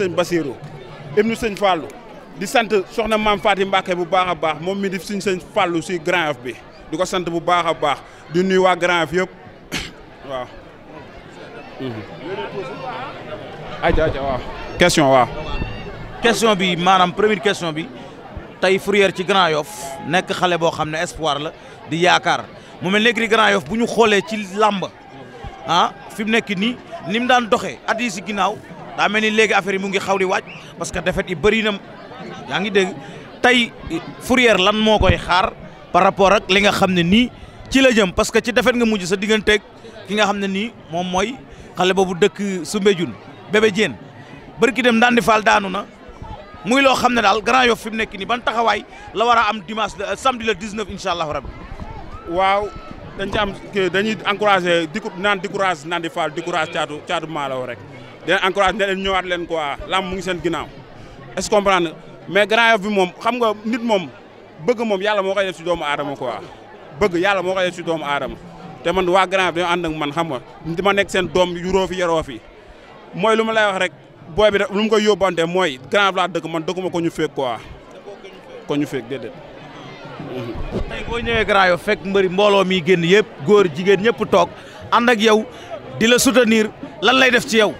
sëñ Basirou ibnu sëñ Fallou di sant soxna maam Fatim Mbacke bu baax a baax moom mi di suñ sëñ Fallou si Grand bi di ko sant bu baax a baax di nuyu waa Grand Yoff yëpp waaw. Mm-hmm. aja waaw question bi maanaam première question bi tey Fourrière ci Grand nekk xale boo xam ne espoir la di yaakaar mu mel léegi Grand bu ñu xoolee ci làmb ah fi mu nekk nii ni daan doxee at si ginnaaw. daa mel ni léegi affaire yi mu ngi xaw di waaj parce que défaite i bëri na yaa ngi dégg tey Fourrière lan moo koy xaar par rapport ak li nga xam ne nii ci la jëm parce que ci defet nga mujj sa digganteeg ki nga xam ne nii moom mooy xale boobu dëkk Soumbédioune Bébé Diène bari ki dem daan di faal daanu na muy loo xam ne daal Grand Yoff fi mu nekk nii ban taxawaay la war a am dimanche le euh, samedi le incha allahu rab waaw dañ ci am dañuy encouragé di naan décourage naan di faal décourage caatu caatu maalaw rek. leen encourage ne leen ñëwaat leen quoi lamb mu ngi seen ginaaw est comprendre mais Grand Yoff bi moom xam nga nit moom bëgg moom yàlla moo koy def si doomu aadama quoi bëgg yàlla moo koy def si doomu aadama te man waa Grand Yoff dañoo ànd man xam nga dama nekk seen doom yuróo fi yaroo fi mooy lu ma lay wax rek booy bi da lu mu ko yóbbante mooy Grand laa dëkk man dëkkuma ko ñu féeg quoi ko ñu féeg déedéet. tey boo ñëwee Grand Yoff fekk mbëri mbooloo mi génn yëpp góor jigéen ñëpp toog ànd ak yow di la soutenir lan lay def ci yow.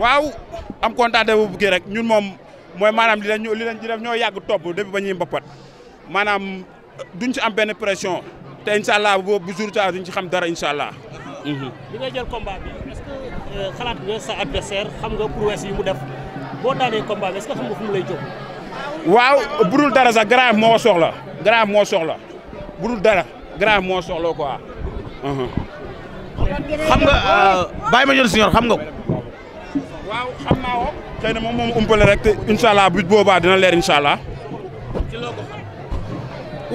waaw am kontaante bu bëggee rek ñun moom mooy maanaam li leen ñu li leen def ñoo yàgg topp depuis ba ñuy mbappat maanaam duñ ci am benn pression te incha allah bu bu jour ta duñ ci xam dara incha allah. Mhm. bi ngay jël combat bi est-ce que euh, xalaat nga sa xam nga prouesse yi mu def boo daanee combat bi est-ce que xam nga fu mu lay jóg. waaw budul dara sax grave moo soxla grave moo soxla budul dara grave moo soxla quoi. Mhm. xam nga Baye Mandione Senior xam nga ko. xam naa ko. xëy na moom moom umpale rek te allah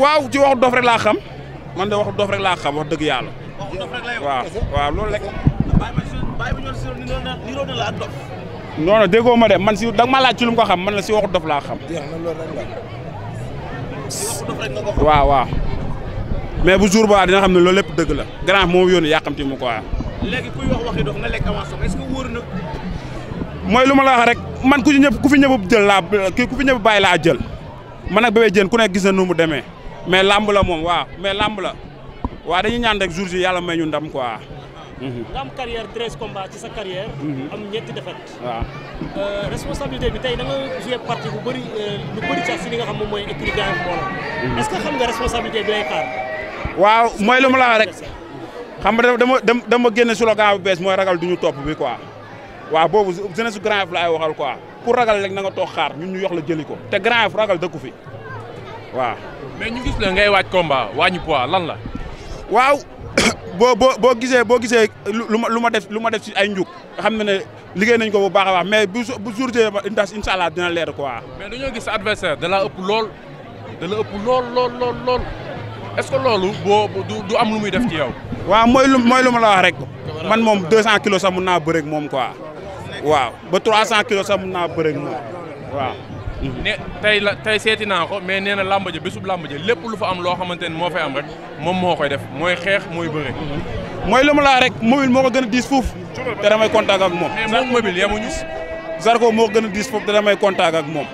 waaw ci waxu dof laa xam man de waxu laa xam dëgg yàlla. waxu waaw waaw loolu rek. non non ma de man si danga ma laaj ci lu ko xam man la si waxu dof laa xam. waaw waaw. mais bu jour ba dina xam ne loolu lépp dëgg la. grand moom yónni yàqamti mu ko waaw. léegi kuy mooy lu ma la rek man ku ñëpp ku fi ñëpp jël laa ku fi ñëpp bàyyi laa jël man nag Bébé Diène ku ne gis na nu mu demee mais làmb moom waaw mais làmb la waaw dañuy ñaan rek jour yàlla may ñu ndam quoi. Mhm. nga am carrière treize combats ci sa carrière. Mhm. am ñetti défaites. waaw euh, responsabilité bi tey da nga euh, xam mooy mhm. nga responsabilité bi lay lu ma la rek. xam nga dama dama génne slogan bu bees mooy ragal du ñu topp bi quoi. waaw boobu jeunesse Grand Yoff la ay waxal quoi ku ragal rek na nga toog xaar ñun ñu yox la jëli ko te Grand Yoff ragal dëkku fi waaw. mais ñu gis la ngay waaj combat wàññi poids lan la. waaw boo boo boo gisee boo gisee lu ma lu ma def lu ma def ci ay njuk xam na ne liggéey nañ ko bu baax a baax mais bu su bu jour incha allah dina leer quoi. mais dañoo gis adversaire da ëpp lool da ëpp lool lool lool lool est-ce que loolu boo du am lu muy def ci yow. waaw mooy lu mooy lu ma la wax rek. man moom 200 kilos sax mun naa bëreeg moom quoi. waaw ba cent kilos sax mun naa bëre ak moom waaw. ne tey la tey seeti naa ko mais nee na làmb ja bésub làmb lépp lu fa am loo xamante ne moo fay am rek moom moo koy def mooy xeex mooy bëre. mooy lu mu laa rek mobile moo ko gën a diis fuuf te damay contact ak moom. mais moo gën a diis foofu te damay ak moom.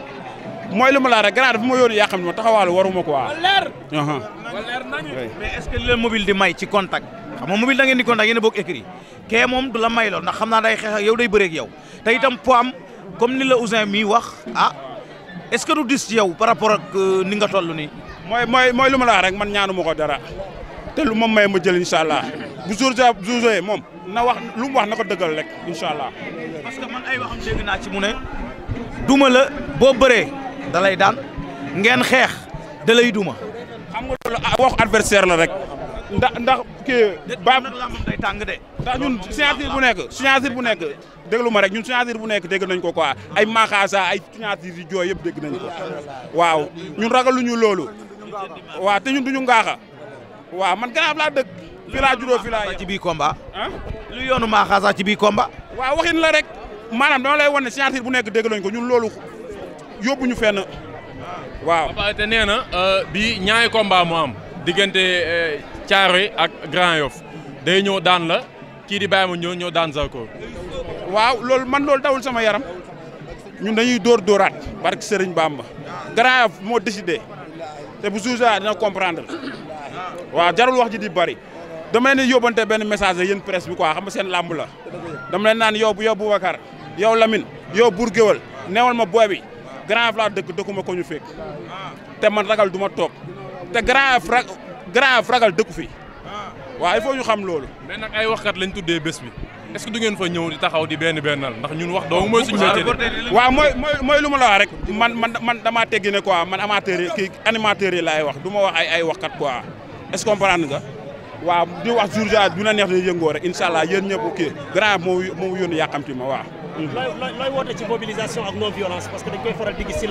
mooy lu ma laa rek gannaaw dafa ma yónni yaa xam ne ma taxawaalu waruma ko waa. leer. leer mobile di may ci contact. xam nga mobile da ngeen di contact yéen a bokk moom du la may lool ndax xam naa day xeex ak yow day bëreeg yow te itam poam comme ni la Ousin mii wax ah est-ce que du dis ci yow par rapport ak euh, ni nga toll nii. mooy mooy lu ma la rek man ñaanu ma ko dara te lu ma may ma jël incha allah bu jour ja jour yooyu moom na wax lu wax na ko dëggal rek incha allah. parce que man ay waxam dégg naa ci mu ne duma la boo bëree da lay daan ngeen xeex da lay duma. xam nga loolu ah, wax adversaire ndax ndax kii. ba day tàng de. ndax ñun signature bu nekk signature bu nekk déglu ma rek ñun signature bu nekk dégg nañ ko quoi ay maxaasa ay signature yu jooy yëpp dégg nañ waaw ñun ragaluñu loolu waa te ñun duñu ngaaxa waaw man gannaaw laa dëkk. fii laa juróo fii laa ci biir combat. lu yoonu maxaasa ci bii komba waaw waxin la rek maanaam dama lay wan ne signature bu nekk dégg nañ ko ñun loolu yóbbuñu fenn ah. waaw. te nee na euh, bi ñaari combat mu am diggante. Euh, Thiaroye ak Grand Yoff day ñëw daan la kii di baay ma ñëw ñëw daan Zarko. waaw loolu man loolu dawul sama yaram ñun dañuy dóor dóoraat barke Serigne Bamba Grand Yoff moo décidé te bu suusa dina comprendre waaw jarul wax ji di bari dama leen di yóbbante benn message la yéen presse bi quoi xam nga seen làmb la dama leen naan yow yow Boubacar yow Lamine yow Bour Guéweul neewal ma booy bi Grand Yoff laa dëkk dëkkuma ko ñu fekk te man ragal duma ma toog te Grand Yoff Grand ragal dëkk fi ah. waaw il faut ñu xam loolu. mais ay wax kat lañ tuddee bés bi est du ngeen fa ñëw di taxaw di benn bennal ndax ñun wax dong mooy suñu métier de. mooy lu ma la wax rek man man man damaa teggi ne quoi man amateur yi kii animateurs yi laay wax du ma wax ay ay kat quoi est-ce que comprendre nga. waaw di wax jour ja dina neex di yëngoo rek incha allah yéen ñëpp kii grand moo moo yónni yàqamti ma waa looy looy woote ci mobilisation ak non violence parce que dañ di gis si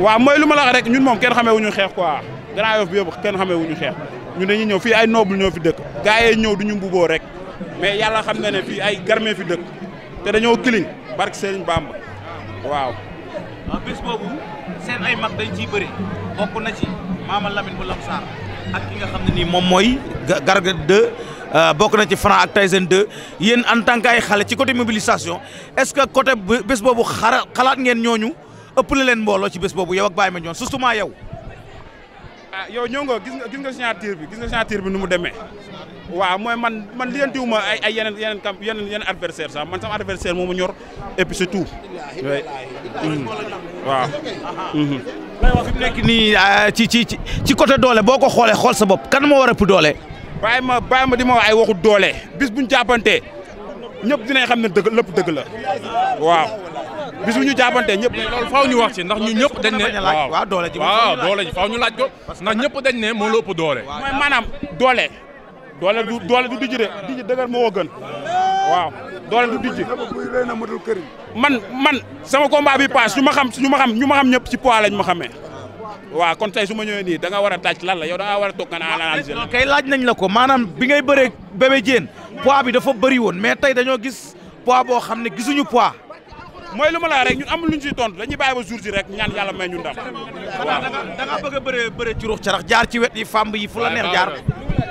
waaw mooy lu ma la wax rek ñun moom kenn xamee wu ñu xeex quoi Grand Yoff bi yëpp kenn xamee wu ñu xeex ñu dañuy ñëw fii ay noble ñoo fi dëkk gars yi ñëw du ñu mbuboo rek mais yàlla xam na ne fii ay garmee fi dëkk te dañoo kiliñ barke Serigne Bamba waaw. waaw bés boobu seen ay mag dañ na ci Maama Lamine moom mooy Garga euh, bokk na ci Franc ak Tyson 2 yéen en tant que xale ci côté mobilisation est-ce que côté bés boobu xalaat ngeen ñooñu. ëpp ëppale leen mbooloo ci bés boobu yow ak Baye Mandione surtout yow. a ah, yow ñëw nga gis nga gis nga bi gis nga signature bi nu mu demee waaw mooy man man liyantiwuma ay ay yenen yeneen camp yeneen yeneen adversaire sax man sama adversaire moomu ñor et puis c'est tout. Hmm. waaw. Hmm. fi mu nekk ah, ci ci ci ci côté doole boo ko xoolee xool sa bopp kan moo war a ëpp doole. bàyyi ma bàyyi ma di ma ay waxu doole bis buñ jàppante ñëpp dinañ xam ne dëgg lépp dëgg la waaw. bis bu ñu jàppante ñëpp. loolu faaw ñu wax ci ndax ñu ñëpp dañ ne. waaw doole ji waaw doole ji faaw ñu laaj ko. ndax ñëpp dañ ne moo la ëpp doole. mooy maanaam doole. doole du doole du dijji de dijji dëgër moo gën. waaw doole du dijji. man man sama combat bi paas ñu ma xam ñu ma xam ñu ma xam ñëpp ci poids lañ ma xamee. waaw kon tey su ma ñëwee nii da nga war a taaj lan la yow da nga war a toog nga naan analyser la. kay laaj nañ la ko maanaam bi ngay bëree bébé Diène poids bi dafa bëri woon mais tey dañoo gis poids boo xam ne gisuñu poids mooy lu ma la rek ñun amul luñ siy tontu dañuy bàyyi ba jour ñaan yàlla may a bëree jaar ci wet yi fàmb yi fu la neex jaar.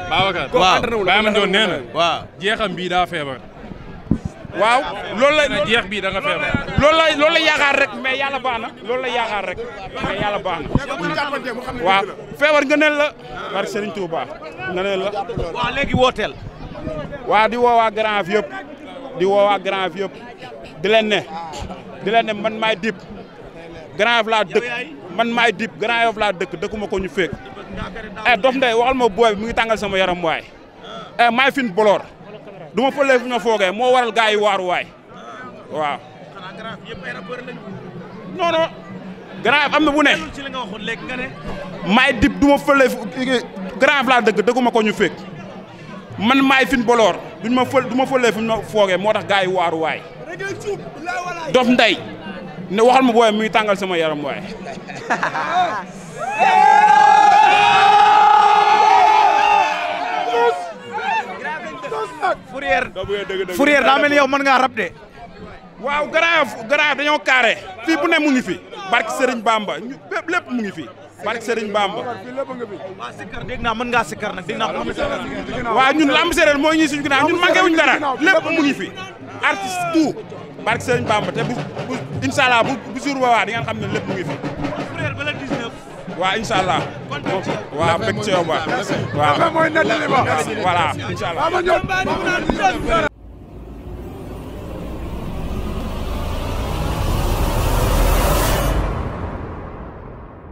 Babacar waaw Baye Mandione nee na. waaw daa feebar. waaw loolu la jeex bii da nga feebar. loolu la loolu la yaakaar rek mais yàlla baax na la yaakaar rek mais yàlla baax waaw feebar nga ne la. barke Serigne Touba nga ne la. waaw di woo waa Grand di woo waa Grand di leen ne di man maay dip Grand Yoff laa dëkk man maay dip Grand Yoff laa dëkk dëkkuma ko ñu féeg eh dof ndey waxal ma booy bi mi ngi tàngal sama yaram waay eh maay fin boloor du ma fëlee ma foogee moo waral gars yi waaru waay waaw non non Grand Yoff am na bu ne maay dip du ma fëlee fu Grand Yoff laa dëkk dëkkuma ko ñu fék man maay fin boloor duñ ma fël du ma fëlee fu ma moo tax gars yi waaru waay dof nday ne waxal ma booy muy tàngal sama yaram booy. Fourrière Fourrière daa mel ni yow mën ngaa rab de. waaw garaaf garaaf dañoo carré fii bu ne mu ngi fi barke Serigne Bamba ñu lépp lépp mu ngi fi barke mën ngaa sikkar nag dégg ñun lamb séeréer mooy ñuy suñu ginnaaw ñun manqué wuñ dara lépp mu ngi artiste tout barke Serigne Bamba te bu bu incha allah bu bu jour boobaa di ngeen xam ne lépp ngi fi. waaw incha allah. waaw bëgg ci yow waaw. waaw mooy nettali ba.